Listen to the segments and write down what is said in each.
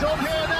Job here now.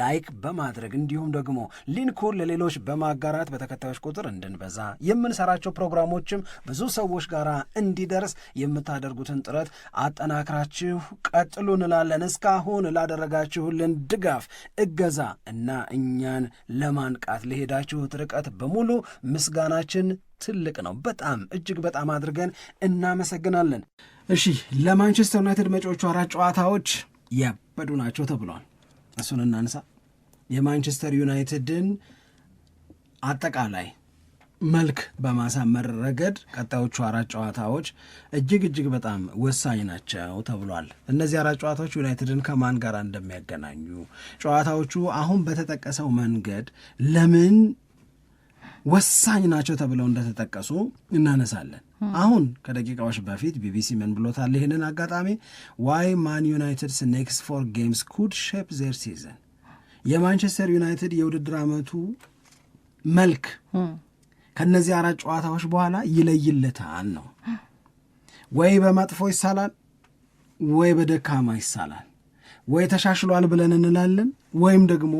ላይክ በማድረግ እንዲሁም ደግሞ ሊንኩን ለሌሎች በማጋራት በተከታዮች ቁጥር እንድንበዛ የምንሰራቸው ፕሮግራሞችም ብዙ ሰዎች ጋር እንዲደርስ የምታደርጉትን ጥረት አጠናክራችሁ ቀጥሉ እንላለን። እስካሁን ላደረጋችሁልን ድጋፍ፣ እገዛ እና እኛን ለማንቃት ለሄዳችሁት ርቀት በሙሉ ምስጋናችን ትልቅ ነው። በጣም እጅግ በጣም አድርገን እናመሰግናለን። እሺ፣ ለማንቸስተር ዩናይትድ መጪዎቹ አራት ጨዋታዎች ያበዱ ናቸው ተብሏል። እሱን እናንሳ። የማንቸስተር ዩናይትድን አጠቃላይ መልክ በማሳመር ረገድ ቀጣዮቹ አራት ጨዋታዎች እጅግ እጅግ በጣም ወሳኝ ናቸው ተብሏል። እነዚህ አራት ጨዋታዎች ዩናይትድን ከማን ጋር እንደሚያገናኙ ጨዋታዎቹ አሁን በተጠቀሰው መንገድ ለምን ወሳኝ ናቸው ተብለው እንደተጠቀሱ እናነሳለን። አሁን ከደቂቃዎች በፊት ቢቢሲ ምን ብሎታል? ይህንን አጋጣሚ ዋይ ማን ዩናይትድስ ኔክስት ፎር ጌምስ ኩድ ሼፕ ዜር ሲዘን የማንቸስተር ዩናይትድ የውድድር ዓመቱ መልክ ከእነዚህ አራት ጨዋታዎች በኋላ ይለይለታል ነው ወይ በመጥፎ ይሳላል ወይ በደካማ ይሳላል ወይ ተሻሽሏል ብለን እንላለን ወይም ደግሞ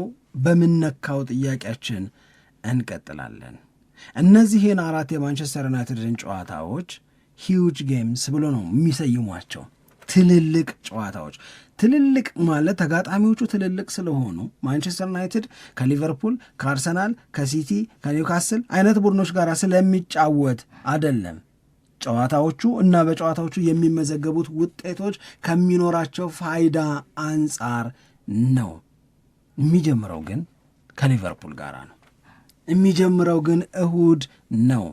በምነካው ጥያቄያችን እንቀጥላለን። እነዚህን አራት የማንቸስተር ዩናይትድን ጨዋታዎች ሂውጅ ጌምስ ብሎ ነው የሚሰይሟቸው። ትልልቅ ጨዋታዎች ትልልቅ ማለት ተጋጣሚዎቹ ትልልቅ ስለሆኑ ማንቸስተር ዩናይትድ ከሊቨርፑል፣ ከአርሰናል፣ ከሲቲ፣ ከኒውካስል አይነት ቡድኖች ጋር ስለሚጫወት አይደለም። ጨዋታዎቹ እና በጨዋታዎቹ የሚመዘገቡት ውጤቶች ከሚኖራቸው ፋይዳ አንጻር ነው። የሚጀምረው ግን ከሊቨርፑል ጋር ነው። የሚጀምረው ግን እሁድ ነው።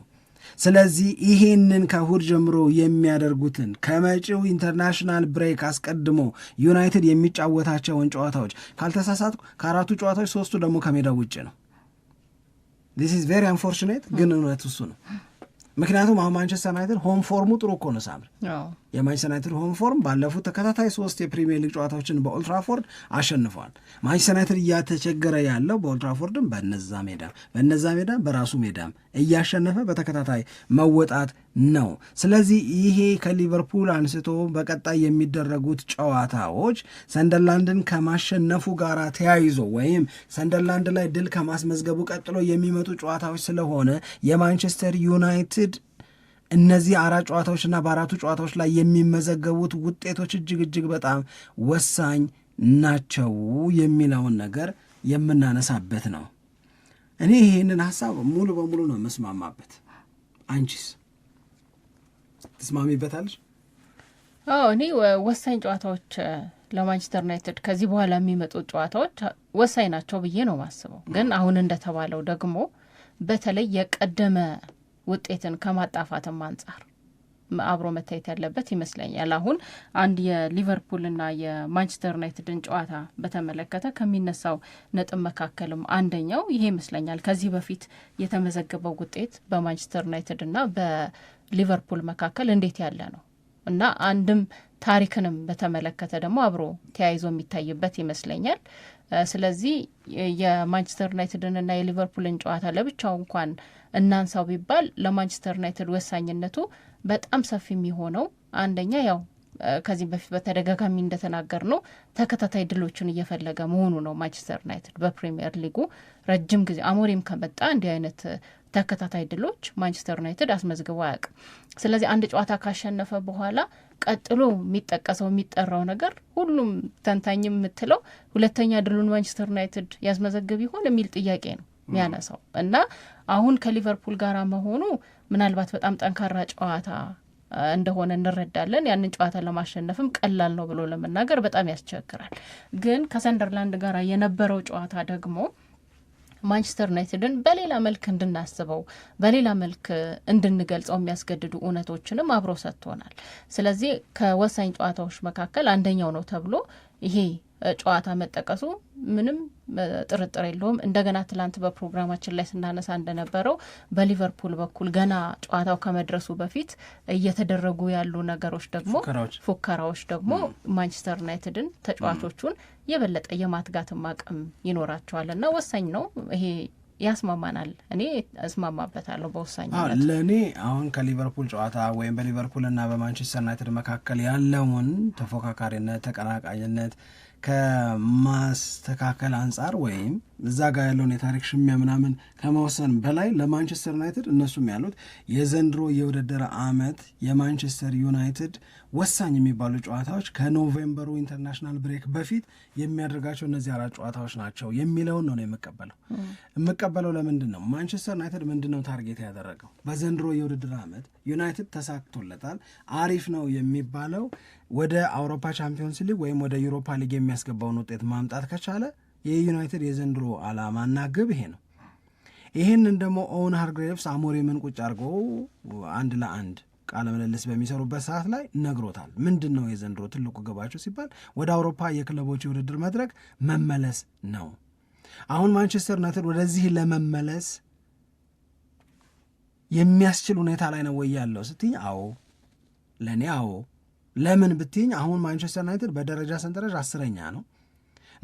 ስለዚህ ይህንን ከእሁድ ጀምሮ የሚያደርጉትን ከመጪው ኢንተርናሽናል ብሬክ አስቀድሞ ዩናይትድ የሚጫወታቸውን ጨዋታዎች ካልተሳሳትኩ ከአራቱ ጨዋታዎች ሶስቱ ደግሞ ከሜዳ ውጭ ነው። ዲስ ኢዝ ቬሪ አንፎርቹኔት ግን እውነት እሱ ነው። ምክንያቱም አሁን ማንቸስተር ዩናይትድ ሆም ፎርሙ ጥሩ እኮ ነው ሳምር የማንቸስተር ዩናይትድ ሆም ፎርም ባለፉት ተከታታይ ሶስት የፕሪሚየር ሊግ ጨዋታዎችን በኦልትራፎርድ አሸንፏል። ማንቸስተር ዩናይትድ እያተቸገረ ያለው በኦልትራፎርድም በነዛ ሜዳም በነዛ ሜዳ በራሱ ሜዳም እያሸነፈ በተከታታይ መወጣት ነው። ስለዚህ ይሄ ከሊቨርፑል አንስቶ በቀጣይ የሚደረጉት ጨዋታዎች ሰንደርላንድን ከማሸነፉ ጋር ተያይዞ ወይም ሰንደርላንድ ላይ ድል ከማስመዝገቡ ቀጥሎ የሚመጡ ጨዋታዎች ስለሆነ የማንቸስተር ዩናይትድ እነዚህ አራት ጨዋታዎችና በአራቱ ጨዋታዎች ላይ የሚመዘገቡት ውጤቶች እጅግ እጅግ በጣም ወሳኝ ናቸው የሚለውን ነገር የምናነሳበት ነው። እኔ ይህንን ሀሳብ ሙሉ በሙሉ ነው መስማማበት። አንቺስ ትስማሚበታለሽ? እኔ ወሳኝ ጨዋታዎች ለማንቸስተር ዩናይትድ ከዚህ በኋላ የሚመጡት ጨዋታዎች ወሳኝ ናቸው ብዬ ነው ማስበው። ግን አሁን እንደተባለው ደግሞ በተለይ የቀደመ ውጤትን ከማጣፋትም አንጻር አብሮ መታየት ያለበት ይመስለኛል። አሁን አንድ የሊቨርፑልና የማንቸስተር ዩናይትድን ጨዋታ በተመለከተ ከሚነሳው ነጥብ መካከልም አንደኛው ይሄ ይመስለኛል። ከዚህ በፊት የተመዘገበው ውጤት በማንቸስተር ዩናይትድና በሊቨርፑል መካከል እንዴት ያለ ነው እና አንድም ታሪክንም በተመለከተ ደግሞ አብሮ ተያይዞ የሚታይበት ይመስለኛል። ስለዚህ የማንቸስተር ዩናይትድንና የሊቨርፑልን ጨዋታ ለብቻው እንኳን እናንሳው ቢባል ለማንቸስተር ዩናይትድ ወሳኝነቱ በጣም ሰፊ የሚሆነው አንደኛ ያው ከዚህ በፊት በተደጋጋሚ እንደተናገር ነው ተከታታይ ድሎችን እየፈለገ መሆኑ ነው። ማንቸስተር ዩናይትድ በፕሪሚየር ሊጉ ረጅም ጊዜ አሞሪም ከመጣ እንዲህ አይነት ተከታታይ ድሎች ማንቸስተር ዩናይትድ አስመዝግቦ አያውቅም። ስለዚህ አንድ ጨዋታ ካሸነፈ በኋላ ቀጥሎ የሚጠቀሰው የሚጠራው ነገር ሁሉም ተንታኝ የምትለው ሁለተኛ ድሉን ማንቸስተር ዩናይትድ ያስመዘግብ ይሆን የሚል ጥያቄ ነው። የሚያነሳው እና አሁን ከሊቨርፑል ጋር መሆኑ ምናልባት በጣም ጠንካራ ጨዋታ እንደሆነ እንረዳለን። ያንን ጨዋታ ለማሸነፍም ቀላል ነው ብሎ ለመናገር በጣም ያስቸግራል። ግን ከሰንደርላንድ ጋር የነበረው ጨዋታ ደግሞ ማንቸስተር ዩናይትድን በሌላ መልክ እንድናስበው በሌላ መልክ እንድንገልጸው የሚያስገድዱ እውነቶችንም አብሮ ሰጥቶናል። ስለዚህ ከወሳኝ ጨዋታዎች መካከል አንደኛው ነው ተብሎ ይሄ ጨዋታ መጠቀሱ ምንም ጥርጥር የለውም። እንደገና ትላንት በፕሮግራማችን ላይ ስናነሳ እንደነበረው በሊቨርፑል በኩል ገና ጨዋታው ከመድረሱ በፊት እየተደረጉ ያሉ ነገሮች ደግሞ ፉከራዎች ደግሞ ማንቸስተር ዩናይትድን ተጫዋቾቹን የበለጠ የማትጋትም አቅም ይኖራቸዋል እና ወሳኝ ነው ይሄ ያስማማናል። እኔ እስማማበታለሁ በወሳኝ ለእኔ አሁን ከሊቨርፑል ጨዋታ ወይም በሊቨርፑል እና በማንቸስተር ዩናይትድ መካከል ያለውን ተፎካካሪነት፣ ተቀናቃኝነት ከማስተካከል አንጻር ወይም እዛ ጋር ያለውን የታሪክ ሽሚያ ምናምን ከመወሰን በላይ ለማንቸስተር ዩናይትድ እነሱም ያሉት የዘንድሮ የውድድር አመት የማንቸስተር ዩናይትድ ወሳኝ የሚባሉ ጨዋታዎች ከኖቬምበሩ ኢንተርናሽናል ብሬክ በፊት የሚያደርጋቸው እነዚህ አራት ጨዋታዎች ናቸው የሚለውን ነው የምቀበለው። የምቀበለው ለምንድን ነው ማንቸስተር ዩናይትድ ምንድን ነው ታርጌት ያደረገው በዘንድሮ የውድድር ዓመት ዩናይትድ ተሳክቶለታል፣ አሪፍ ነው የሚባለው ወደ አውሮፓ ቻምፒዮንስ ሊግ ወይም ወደ ዩሮፓ ሊግ የሚያስገባውን ውጤት ማምጣት ከቻለ የዩናይትድ የዘንድሮ ዓላማና ግብ ይሄ ነው። ይህንን ደግሞ ኦውን ሃርግሬቭስ አሞሪምን ቁጭ አድርጎ አንድ ለአንድ ቃለ ምልልስ በሚሰሩበት ሰዓት ላይ ነግሮታል። ምንድን ነው የዘንድሮ ትልቁ ግባቸው ሲባል ወደ አውሮፓ የክለቦች የውድድር መድረክ መመለስ ነው። አሁን ማንቸስተር ዩናይትድ ወደዚህ ለመመለስ የሚያስችል ሁኔታ ላይ ነው ወይ ያለው ስትኝ፣ አዎ ለእኔ አዎ። ለምን ብትኝ አሁን ማንቸስተር ዩናይትድ በደረጃ ሰንጠረዥ አስረኛ ነው።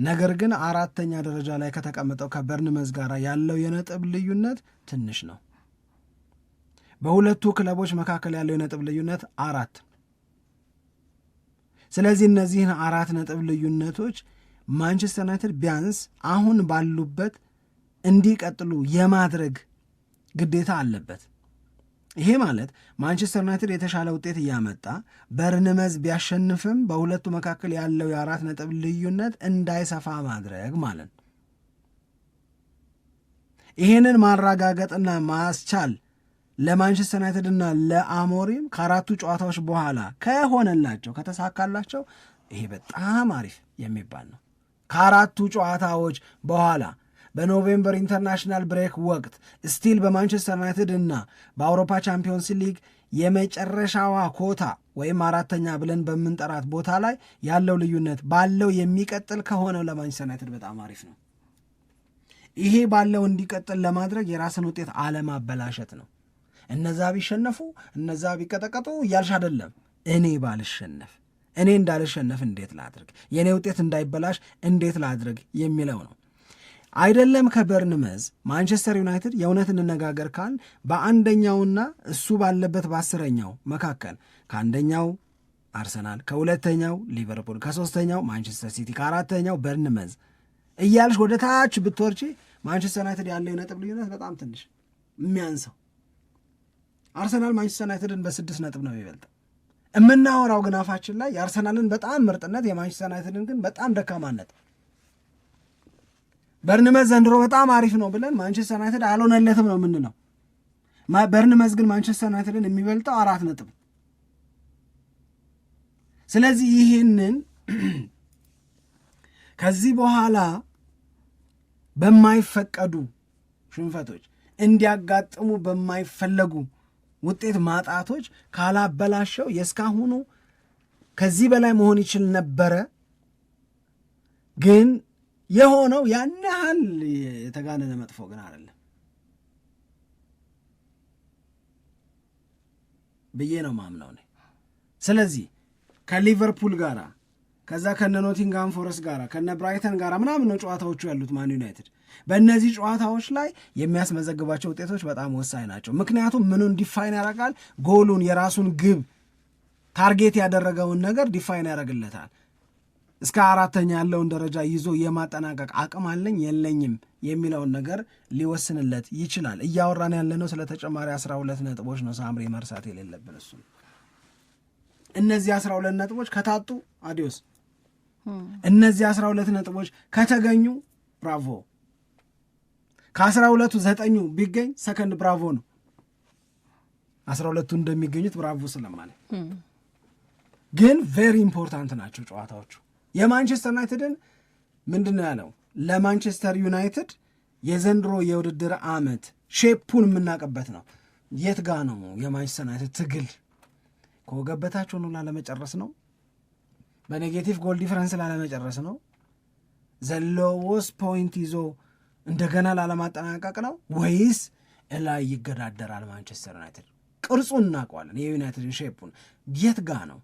ነገር ግን አራተኛ ደረጃ ላይ ከተቀመጠው ከበርንመዝ ጋር ያለው የነጥብ ልዩነት ትንሽ ነው። በሁለቱ ክለቦች መካከል ያለው የነጥብ ልዩነት አራት። ስለዚህ እነዚህን አራት ነጥብ ልዩነቶች ማንቸስተር ዩናይትድ ቢያንስ አሁን ባሉበት እንዲቀጥሉ የማድረግ ግዴታ አለበት። ይሄ ማለት ማንቸስተር ዩናይትድ የተሻለ ውጤት እያመጣ በርንመዝ ቢያሸንፍም በሁለቱ መካከል ያለው የአራት ነጥብ ልዩነት እንዳይሰፋ ማድረግ ማለት ነው። ይሄንን ማረጋገጥና ማስቻል ለማንቸስተር ዩናይትድና ለአሞሪም ከአራቱ ጨዋታዎች በኋላ ከሆነላቸው ከተሳካላቸው ይሄ በጣም አሪፍ የሚባል ነው። ከአራቱ ጨዋታዎች በኋላ በኖቬምበር ኢንተርናሽናል ብሬክ ወቅት ስቲል በማንቸስተር ዩናይትድ እና በአውሮፓ ቻምፒዮንስ ሊግ የመጨረሻዋ ኮታ ወይም አራተኛ ብለን በምንጠራት ቦታ ላይ ያለው ልዩነት ባለው የሚቀጥል ከሆነ ለማንቸስተር ዩናይትድ በጣም አሪፍ ነው። ይሄ ባለው እንዲቀጥል ለማድረግ የራስን ውጤት አለማበላሸት ነው። እነዛ ቢሸነፉ እነዛ ቢቀጠቀጡ እያልሽ አይደለም። እኔ ባልሸነፍ እኔ እንዳልሸነፍ እንዴት ላድርግ፣ የእኔ ውጤት እንዳይበላሽ እንዴት ላድርግ የሚለው ነው። አይደለም ከበርንመዝ ማንቸስተር ዩናይትድ የእውነት እንነጋገር ካል በአንደኛውና እሱ ባለበት በአስረኛው መካከል ከአንደኛው አርሰናል ከሁለተኛው ሊቨርፑል ከሶስተኛው ማንቸስተር ሲቲ ከአራተኛው በርንመዝ እያልሽ ወደ ታች ብትወርቼ ማንቸስተር ዩናይትድ ያለው የነጥብ ልዩነት በጣም ትንሽ የሚያንሰው አርሰናል ማንቸስተር ዩናይትድን በስድስት ነጥብ ነው የሚበልጠው። የምናወራው ግን አፋችን ላይ የአርሰናልን በጣም ምርጥነት የማንቸስተር ዩናይትድን ግን በጣም ደካማነት በርንመዝ ዘንድሮ በጣም አሪፍ ነው ብለን ማንቸስተር ዩናይትድ አልሆነለትም ነው የምንለው። በርንመዝ ግን ማንቸስተር ዩናይትድን የሚበልጠው አራት ነጥብ። ስለዚህ ይህንን ከዚህ በኋላ በማይፈቀዱ ሽንፈቶች እንዲያጋጥሙ በማይፈለጉ ውጤት ማጣቶች ካላበላሸው የእስካሁኑ ከዚህ በላይ መሆን ይችል ነበረ ግን የሆነው ያን ያህል የተጋነነ መጥፎ ግን አይደለም ብዬ ነው ማምነው እኔ። ስለዚህ ከሊቨርፑል ጋራ ከዛ ከነ ኖቲንግሃም ፎረስት ጋራ ከነ ብራይተን ጋራ ምናምን ነው ጨዋታዎቹ ያሉት ማን ዩናይትድ። በእነዚህ ጨዋታዎች ላይ የሚያስመዘግባቸው ውጤቶች በጣም ወሳኝ ናቸው። ምክንያቱም ምኑን ዲፋይን ያደርጋል፣ ጎሉን የራሱን ግብ ታርጌት ያደረገውን ነገር ዲፋይን ያደርግለታል። እስከ አራተኛ ያለውን ደረጃ ይዞ የማጠናቀቅ አቅም አለኝ የለኝም የሚለውን ነገር ሊወስንለት ይችላል። እያወራን ያለነው ስለ ተጨማሪ አስራ ሁለት ነጥቦች ነው። ሳምሪ መርሳት የሌለብን እሱ እነዚህ አስራ ሁለት ነጥቦች ከታጡ አዲዮስ፣ እነዚህ አስራ ሁለት ነጥቦች ከተገኙ ብራቮ። ከአስራ ሁለቱ ዘጠኙ ቢገኝ ሰከንድ ብራቮ ነው። አስራ ሁለቱ እንደሚገኙት ብራቮ ስለማለት ግን ቬሪ ኢምፖርታንት ናቸው ጨዋታዎቹ። የማንቸስተር ዩናይትድን ምንድን ነው ያለው? ለማንቸስተር ዩናይትድ የዘንድሮ የውድድር ዓመት ሼፑን የምናውቅበት ነው። የት ጋ ነው የማንቸስተር ዩናይትድ ትግል? ከወገብ ላለመጨረስ ነው? በኔጌቲቭ ጎል ዲፈረንስ ላለመጨረስ ነው? ዘሎወስ ፖይንት ይዞ እንደገና ላለማጠናቀቅ ነው ወይስ እላይ ይገዳደራል? ማንቸስተር ዩናይትድ ቅርጹን እናውቀዋለን። የዩናይትድን ሼፑን የት ጋ ነው?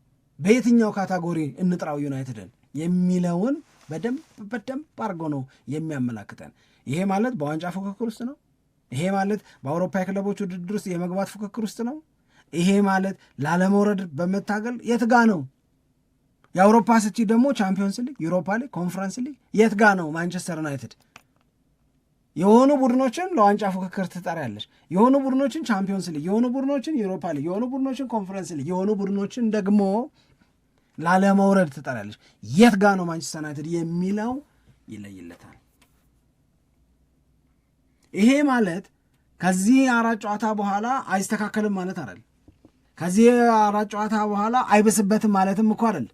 በየትኛው ካታጎሪ እንጥራው ዩናይትድን የሚለውን በደንብ በደንብ አድርጎ ነው የሚያመላክተን። ይሄ ማለት በዋንጫ ፉክክር ውስጥ ነው። ይሄ ማለት በአውሮፓ ክለቦች ውድድር ውስጥ የመግባት ፉክክር ውስጥ ነው። ይሄ ማለት ላለመውረድ በመታገል የትጋ ነው። የአውሮፓ ስቲ ደግሞ ቻምፒዮንስ ሊግ፣ ዩሮፓ ሊግ፣ ኮንፈረንስ ሊግ የትጋ ነው። ማንቸስተር ዩናይትድ የሆኑ ቡድኖችን ለዋንጫ ፉክክር ትጠሪያለሽ። የሆኑ ቡድኖችን ቻምፒዮንስ ሊግ፣ የሆኑ ቡድኖችን ዩሮፓ ሊግ፣ የሆኑ ቡድኖችን ኮንፈረንስ ሊግ፣ የሆኑ ቡድኖችን ደግሞ ላለመውረድ ትጠራለች። የት ጋ ነው ማንቸስተር ዩናይትድ የሚለው ይለይለታል። ይሄ ማለት ከዚህ አራት ጨዋታ በኋላ አይስተካከልም ማለት አይደል። ከዚህ አራት ጨዋታ በኋላ አይብስበትም ማለትም እኮ አይደል።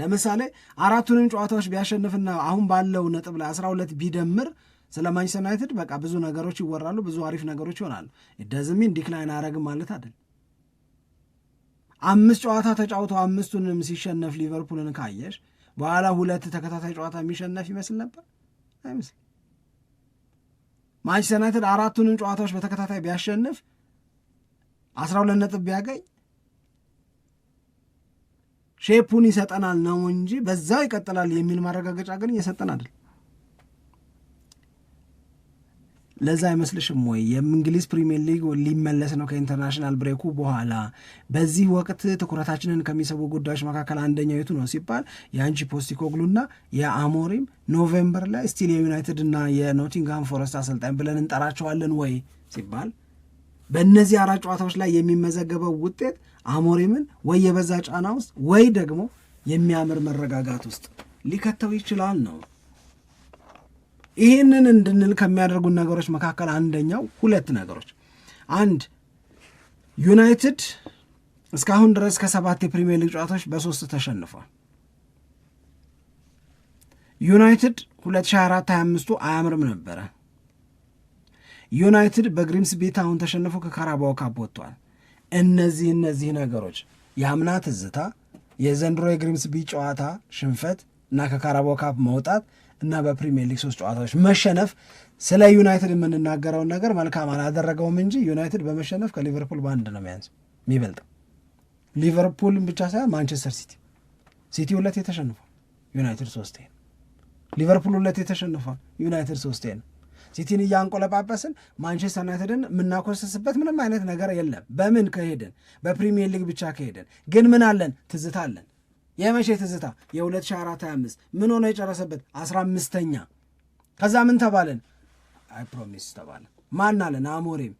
ለምሳሌ አራቱንም ጨዋታዎች ቢያሸንፍና አሁን ባለው ነጥብ ላይ አስራ ሁለት ቢደምር ስለ ማንቸስተር ዩናይትድ በቃ ብዙ ነገሮች ይወራሉ፣ ብዙ አሪፍ ነገሮች ይሆናሉ። ደዝሚን ዲክላይን አረግም ማለት አይደል። አምስት ጨዋታ ተጫውቶ አምስቱንም ሲሸነፍ ሊቨርፑልን ካየሽ በኋላ ሁለት ተከታታይ ጨዋታ የሚሸነፍ ይመስል ነበር አይመስል። ማንቸስተር ዩናይትድ አራቱንም ጨዋታዎች በተከታታይ ቢያሸንፍ አስራ ሁለት ነጥብ ቢያገኝ ሼፑን ይሰጠናል ነው እንጂ በዛው ይቀጥላል የሚል ማረጋገጫ ግን እየሰጠን አይደል። ለዛ አይመስልሽም ወይ? የእንግሊዝ ፕሪሚየር ሊግ ሊመለስ ነው ከኢንተርናሽናል ብሬኩ በኋላ በዚህ ወቅት ትኩረታችንን ከሚሰቡ ጉዳዮች መካከል አንደኛው የቱ ነው ሲባል የአንቺ ፖስቲኮግሉና የአሞሪም ኖቬምበር ላይ ስቲል የዩናይትድ እና የኖቲንግሃም ፎረስት አሰልጣኝ ብለን እንጠራቸዋለን ወይ ሲባል በእነዚህ አራት ጨዋታዎች ላይ የሚመዘገበው ውጤት አሞሪምን ወይ የበዛ ጫና ውስጥ ወይ ደግሞ የሚያምር መረጋጋት ውስጥ ሊከተው ይችላል ነው ይህንን እንድንል ከሚያደርጉን ነገሮች መካከል አንደኛው ሁለት ነገሮች፣ አንድ ዩናይትድ እስካሁን ድረስ ከሰባት የፕሪሚየር ሊግ ጨዋታዎች በሶስት ተሸንፏል። ዩናይትድ 2024/25ቱ አያምርም ነበረ። ዩናይትድ በግሪምስቢ አሁን ተሸንፎ ከካራባው ካፕ ወጥቷል። እነዚህ እነዚህ ነገሮች የአምና ትዝታ፣ የዘንድሮ የግሪምስቢ ጨዋታ ሽንፈት እና ከካራባው ካፕ መውጣት እና በፕሪሚየር ሊግ ሶስት ጨዋታዎች መሸነፍ ስለ ዩናይትድ የምንናገረውን ነገር መልካም አላደረገውም እንጂ ዩናይትድ በመሸነፍ ከሊቨርፑል በአንድ ነው የሚያንስ የሚበልጠው። ሊቨርፑልን ብቻ ሳይሆን ማንቸስተር ሲቲ ሲቲ ሁለት የተሸንፏል ዩናይትድ ሶስቴ ነው። ሊቨርፑል ሁለት የተሸንፏል ዩናይትድ ሶስቴ ነው። ሲቲን እያንቆለጳጰስን ማንቸስተር ዩናይትድን የምናኮስስበት ምንም አይነት ነገር የለም። በምን ከሄድን በፕሪሚየር ሊግ ብቻ ከሄድን ግን ምን አለን? ትዝታ አለን የመቼ ትዝታ የ2425 ምን ሆነ የጨረሰበት 15ኛ። ከዛ ምን ተባለን? አይ ፕሮሚስ ተባለ። ማን አለን? አሞሬም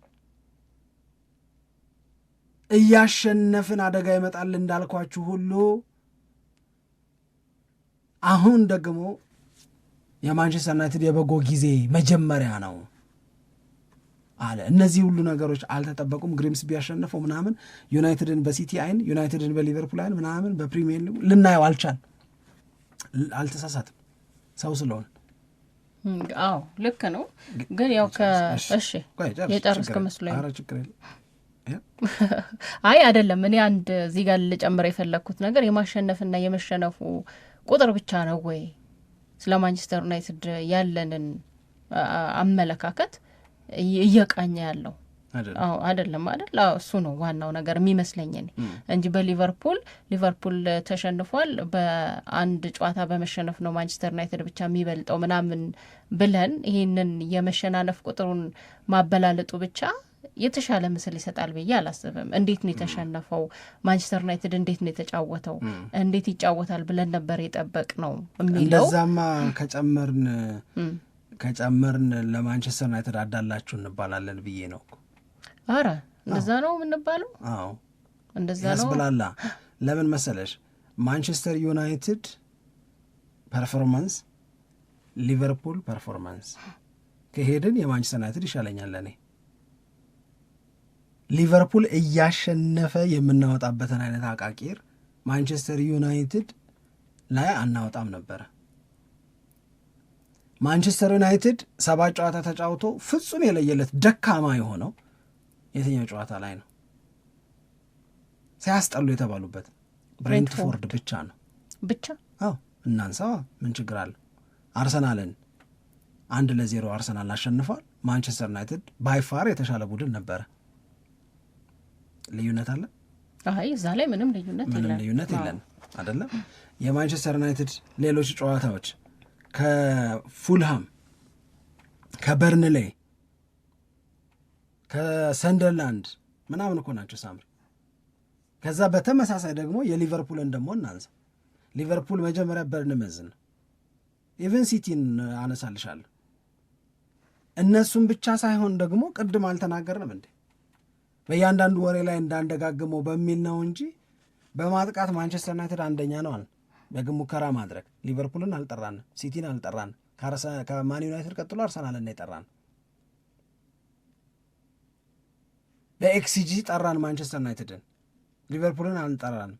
እያሸነፍን አደጋ ይመጣል እንዳልኳችሁ ሁሉ አሁን ደግሞ የማንቸስተር ዩናይትድ የበጎ ጊዜ መጀመሪያ ነው። አለ። እነዚህ ሁሉ ነገሮች አልተጠበቁም። ግሪምስ ቢያሸነፈው ምናምን ዩናይትድን በሲቲ አይን፣ ዩናይትድን በሊቨርፑል አይን ምናምን በፕሪሚየር ሊጉ ልናየው አልቻል። አልተሳሳትም ሰው ስለሆነ አዎ ልክ ነው። ግን ያው ከእሺ የጨርስክ መስሎኝ አይ አይደለም። እኔ አንድ እዚህ ጋር ልጨምር የፈለግኩት ነገር የማሸነፍና የመሸነፉ ቁጥር ብቻ ነው ወይ ስለ ማንቸስተር ዩናይትድ ያለንን አመለካከት እየቃኘ ያለው አይደለም አይደል? እሱ ነው ዋናው ነገር የሚመስለኝ እኔ እንጂ በሊቨርፑል ሊቨርፑል ተሸንፏል፣ በአንድ ጨዋታ በመሸነፍ ነው ማንቸስተር ዩናይትድ ብቻ የሚበልጠው ምናምን ብለን ይህንን የመሸናነፍ ቁጥሩን ማበላለጡ ብቻ የተሻለ ምስል ይሰጣል ብዬ አላስብም። እንዴት ነው የተሸነፈው? ማንቸስተር ዩናይትድ እንዴት ነው የተጫወተው? እንዴት ይጫወታል ብለን ነበር የጠበቅ ነው የሚለው እንደዛማ ከጨመርን ከጨመርን ለማንቸስተር ዩናይትድ አዳላችሁ እንባላለን ብዬ ነው። አረ እንደዛ ነው የምንባለው? አዎ እንደዛ ነው ያስብላላ። ለምን መሰለሽ ማንቸስተር ዩናይትድ ፐርፎርማንስ፣ ሊቨርፑል ፐርፎርማንስ ከሄድን የማንቸስተር ዩናይትድ ይሻለኛል ለእኔ። ሊቨርፑል እያሸነፈ የምናወጣበትን አይነት አቃቂር ማንቸስተር ዩናይትድ ላይ አናወጣም ነበረ። ማንቸስተር ዩናይትድ ሰባት ጨዋታ ተጫውቶ ፍጹም የለየለት ደካማ የሆነው የትኛው ጨዋታ ላይ ነው? ሲያስጠሉ የተባሉበት ብሬንትፎርድ ብቻ ነው ብቻ። አዎ እናንሳዋ፣ ምን ችግር አለ? አርሰናልን አንድ ለዜሮ አርሰናል አሸንፏል። ማንቸስተር ዩናይትድ ባይፋር የተሻለ ቡድን ነበረ። ልዩነት አለ? አይ እዛ ላይ ምንም ልዩነት ምንም ልዩነት የለን አይደለም። የማንቸስተር ዩናይትድ ሌሎች ጨዋታዎች ከፉልሃም፣ ከበርንሌ፣ ከሰንደርላንድ ምናምን እኮ ናቸው ሳምሪ። ከዛ በተመሳሳይ ደግሞ የሊቨርፑልን ደግሞ እናንሳ። ሊቨርፑል መጀመሪያ በርንመዝን ኢቨን ሲቲን አነሳልሻለሁ። እነሱም ብቻ ሳይሆን ደግሞ ቅድም አልተናገርንም እንዴ በእያንዳንዱ ወሬ ላይ እንዳንደጋግመው በሚል ነው እንጂ በማጥቃት ማንቸስተር ዩናይትድ አንደኛ ነው አለ። ዳግም ሙከራ ማድረግ ሊቨርፑልን አልጠራን፣ ሲቲን አልጠራን፣ ከማን ዩናይትድ ቀጥሎ አርሰናልን የጠራን በኤክሲጂ ጠራን፣ ማንቸስተር ዩናይትድን ሊቨርፑልን አልጠራን፣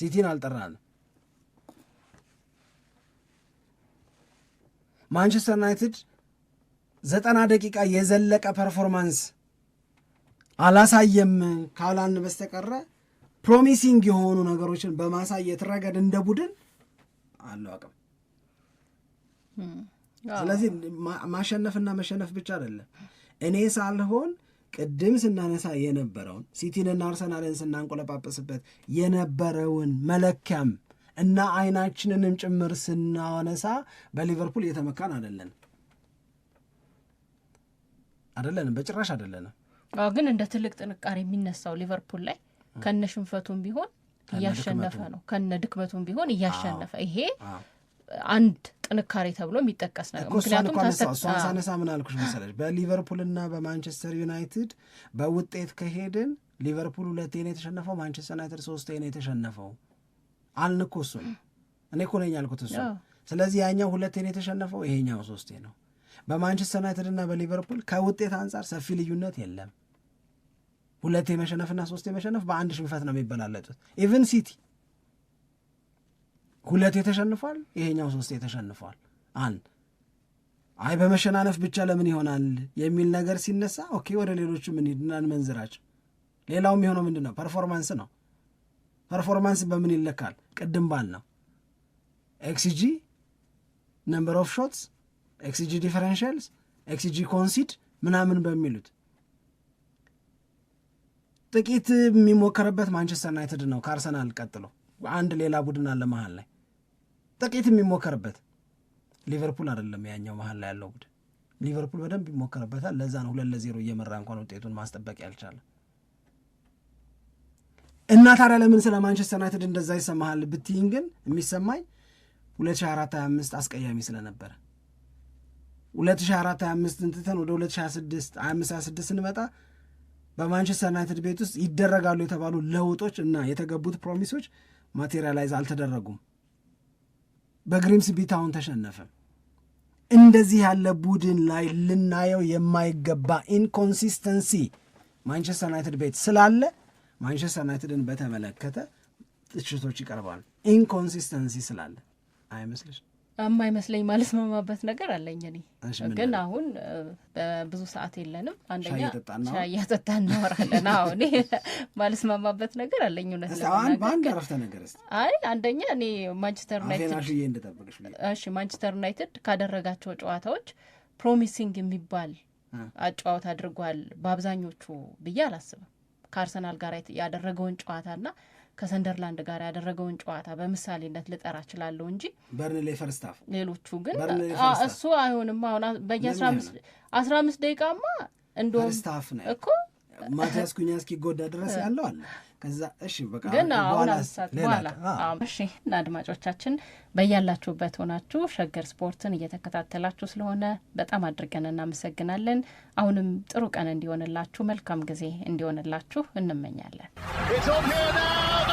ሲቲን አልጠራን። ማንቸስተር ዩናይትድ ዘጠና ደቂቃ የዘለቀ ፐርፎርማንስ አላሳየም ካላን በስተቀረ ፕሮሚሲንግ የሆኑ ነገሮችን በማሳየት ረገድ እንደ ቡድን አለው አቅም። ስለዚህ ማሸነፍና መሸነፍ ብቻ አይደለም። እኔ ሳልሆን ቅድም ስናነሳ የነበረውን ሲቲንና አርሰናልን ስናንቆለጳጵስበት የነበረውን መለኪያም እና አይናችንንም ጭምር ስናነሳ በሊቨርፑል እየተመካን አደለን አደለንም፣ በጭራሽ አደለንም። ግን እንደ ትልቅ ጥንካሬ የሚነሳው ሊቨርፑል ላይ ከነ ሽንፈቱም ቢሆን እያሸነፈ ነው። ከነ ድክመቱም ቢሆን እያሸነፈ ይሄ አንድ ጥንካሬ ተብሎ የሚጠቀስ ነገር ምክንያቱም እሷን ሳነሳ ምን አልኩሽ መሰለሽ በሊቨርፑልና በማንቸስተር ዩናይትድ በውጤት ከሄድን ሊቨርፑል ሁለቴ ነው የተሸነፈው፣ ማንቸስተር ዩናይትድ ሶስቴ ነው የተሸነፈው አልን እኮ እሱን እኔ እኮ ነኝ ያልኩት እሱ። ስለዚህ ያኛው ሁለቴ ነው የተሸነፈው፣ ይሄኛው ሶስቴ ነው። በማንቸስተር ዩናይትድና በሊቨርፑል ከውጤት አንጻር ሰፊ ልዩነት የለም። ሁለት የመሸነፍና ሶስት የመሸነፍ በአንድ ሽንፈት ነው የሚበላለጡት። ኢቨን ሲቲ ሁለት ተሸንፏል፣ ይሄኛው ሶስቴ ተሸንፏል። አንድ አይ በመሸናነፍ ብቻ ለምን ይሆናል የሚል ነገር ሲነሳ ኦኬ ወደ ሌሎቹ እንሂድና እንመንዝራቸው። ሌላው የሆነው ምንድን ነው? ፐርፎርማንስ ነው። ፐርፎርማንስ በምን ይለካል? ቅድም ባል ነው ኤክስጂ ነምበር ኦፍ ሾትስ፣ ኤክስጂ ዲፈረንሽልስ፣ ኤክስጂ ኮንሲድ ምናምን በሚሉት ጥቂት የሚሞከርበት ማንቸስተር ዩናይትድ ነው። ከአርሰናል ቀጥሎ አንድ ሌላ ቡድን አለ መሀል ላይ ጥቂት የሚሞከርበት ሊቨርፑል አይደለም። ያኛው መሀል ላይ ያለው ቡድን ሊቨርፑል በደንብ ይሞከርበታል። ለዛ ነው ሁለት ለዜሮ እየመራ እንኳን ውጤቱን ማስጠበቅ ያልቻለ እና ታዲያ ለምን ስለ ማንቸስተር ዩናይትድ እንደዛ ይሰማሃል ብትይኝ ግን የሚሰማኝ 2024 አስቀያሚ ስለነበረ 2024/25 እንትተን ወደ 2026 25 ስንመጣ በማንቸስተር ዩናይትድ ቤት ውስጥ ይደረጋሉ የተባሉ ለውጦች እና የተገቡት ፕሮሚሶች ማቴሪያላይዝ አልተደረጉም። በግሪምስቢ ታውን ተሸነፈ። እንደዚህ ያለ ቡድን ላይ ልናየው የማይገባ ኢንኮንሲስተንሲ ማንቸስተር ዩናይትድ ቤት ስላለ ማንቸስተር ዩናይትድን በተመለከተ ትችቶች ይቀርባሉ። ኢንኮንሲስተንሲ ስላለ አይመስልሽ? የማይመስለኝ ማለት መማበት ነገር አለኝ። እኔ ግን አሁን በብዙ ሰዓት የለንም። አንደኛ ሻይ እያጠጣ እናወራለን። አዎ ማለት መማበት ነገር አለኝ። እውነት በአንድ አረፍተ ነገር አይ አንደኛ እኔ ማንቸስተር ዩናይትድ እሺ፣ ማንቸስተር ዩናይትድ ካደረጋቸው ጨዋታዎች ፕሮሚሲንግ የሚባል አጨዋወት አድርጓል በአብዛኞቹ ብዬ አላስብም። ከአርሰናል ጋር ያደረገውን ጨዋታና ከሰንደርላንድ ጋር ያደረገውን ጨዋታ በምሳሌነት ልጠራ እችላለሁ እንጂ በርንሌ ፈርስታፍ ሌሎቹ ግን እሱ አይሆንም። አሁን በየአስራ አምስት ደቂቃማ እንደውም ፈርስታፍ ነው እኮ ማቲያስ ኩኛ እስኪጎዳ ድረስ ያለው አለ። ከዛ እሺ በቃ ግን አሁን አሳት በኋላ እሺ። እና አድማጮቻችን በያላችሁበት ሆናችሁ ሸገር ስፖርትን እየተከታተላችሁ ስለሆነ በጣም አድርገን እናመሰግናለን። አሁንም ጥሩ ቀን እንዲሆንላችሁ፣ መልካም ጊዜ እንዲሆንላችሁ እንመኛለን።